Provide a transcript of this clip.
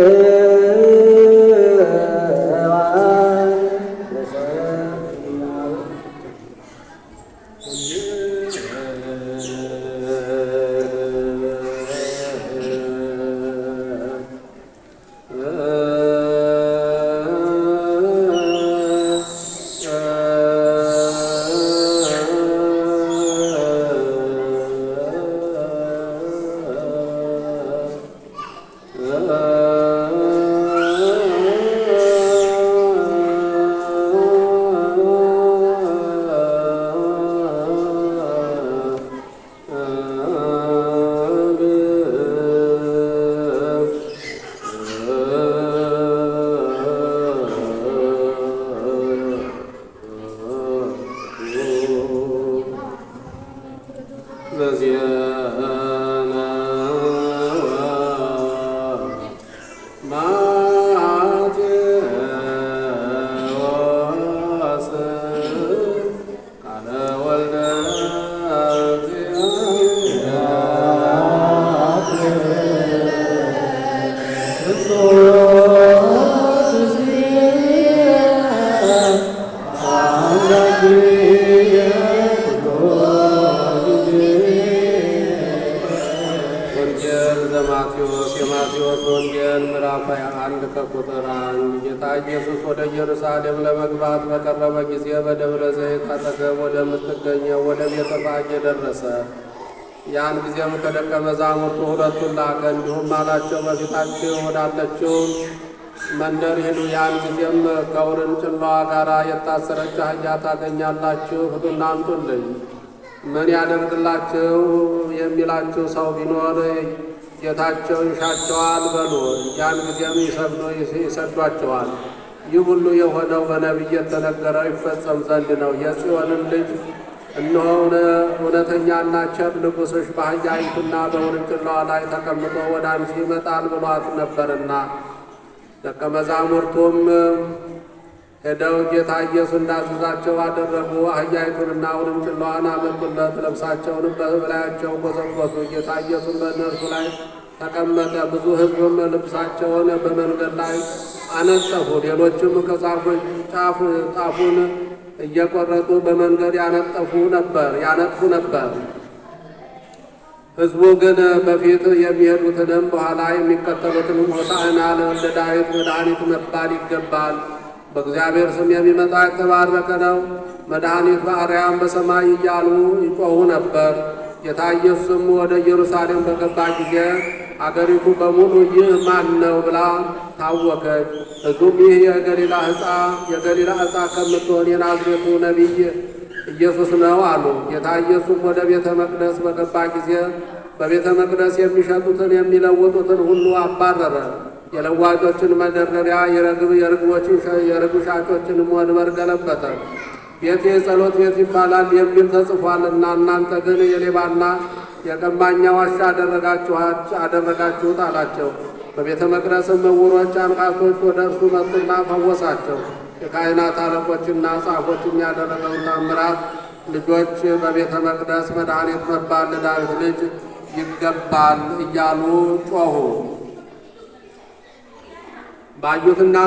রে በዚያና ማቴዎስ ቃለ ወልደ ማቴዎስ የማቴዎስ ወንጌል ምዕራፍ 21 ከቁጥር አንድ ጌታ ኢየሱስ ወደ ኢየሩሳሌም ለመግባት በቀረበ ጊዜ በደብረ ዘይት አጠገብ ወደምትገኘው ወደ ቤተ ፋጌ ደረሰ። ያን ጊዜም ከደቀ መዛሙርቱ ሁለቱን ላከ፣ እንዲሁም አላቸው በፊታችሁ ወዳለችው መንደር ሂዱ። ያን ጊዜም ከውርንጭላዋ ጋር የታሰረች አህያ ታገኛላችሁ፣ ሂዱና አምጡልኝ። ምን ያደርግላችሁ የሚላችሁ ሰው ቢኖር ጌታቸው ይሻቸዋል በሉ። ያን ጊዜም ይሰዷቸዋል። ይህ ሁሉ የሆነው በነቢይ የተነገረው ይፈጸም ዘንድ ነው። የጽዮንን ልጅ እነሆ እውነተኛና ቸር ንጉሥሽ በአህያይቱና በውርንጭላዋ ላይ ተቀምጦ ወደ አንቺ ይመጣል ብሏት ነበርና ደቀ መዛሙርቱም ሄደው ጌታ ኢየሱስ እንዳዘዛቸው አደረጉ። አህያይቱንና ውርንጭላዋን አመጡለት፣ ልብሳቸውንም በላያቸው ኮሰኮሱ። ጌታ ኢየሱስ በእነርሱ ላይ ተቀመጠ። ብዙ ሕዝብም ልብሳቸውን በመንገድ ላይ አነጠፉ። ሌሎችም ከዛፎች ጣፉን እየቆረጡ በመንገድ ያነጠፉ ነበር ያነጥፉ ነበር። ሕዝቡ ግን በፊት የሚሄዱትንም በኋላ የሚከተሉትንም ሆሳዕና ለወልደ ዳዊት መድኃኒት መባል ይገባል በእግዚአብሔር ስም የሚመጣ የተባረከ ነው፣ መድኃኒት በአርያም በሰማይ እያሉ ይጮኹ ነበር። ጌታ ኢየሱስም ወደ ኢየሩሳሌም በገባ ጊዜ አገሪቱ በሙሉ ይህ ማን ነው ብላ ታወከች። እዙም ይህ የገሊላ ሕፃ የገሊላ ሕፃ ከምትሆን የናዝሬቱ ነቢይ ኢየሱስ ነው አሉ። ጌታ ኢየሱስም ወደ ቤተ መቅደስ በገባ ጊዜ በቤተ መቅደስ የሚሸጡትን የሚለውጡትን ሁሉ አባረረ። የለዋጮችን መደርደሪያ የርግብ ሻጮችንም ወንበር ገለበጠ። ቤቴ የጸሎት ቤት ይባላል የሚል ተጽፏልና እናንተ ግን የሌባና የቀማኛ ዋሻ አደረጋችሁት አላቸው። በቤተ መቅደስም ዕውሮች፣ አንካሶች ወደ እርሱ መጡና ፈወሳቸው። የካህናት አለቆችና ጻፎች ያደረገውን ምራት ልጆች በቤተ መቅደስ መድኃኒት መባል ለዳዊት ልጅ ይገባል እያሉ ጮኹ። 把油温拿。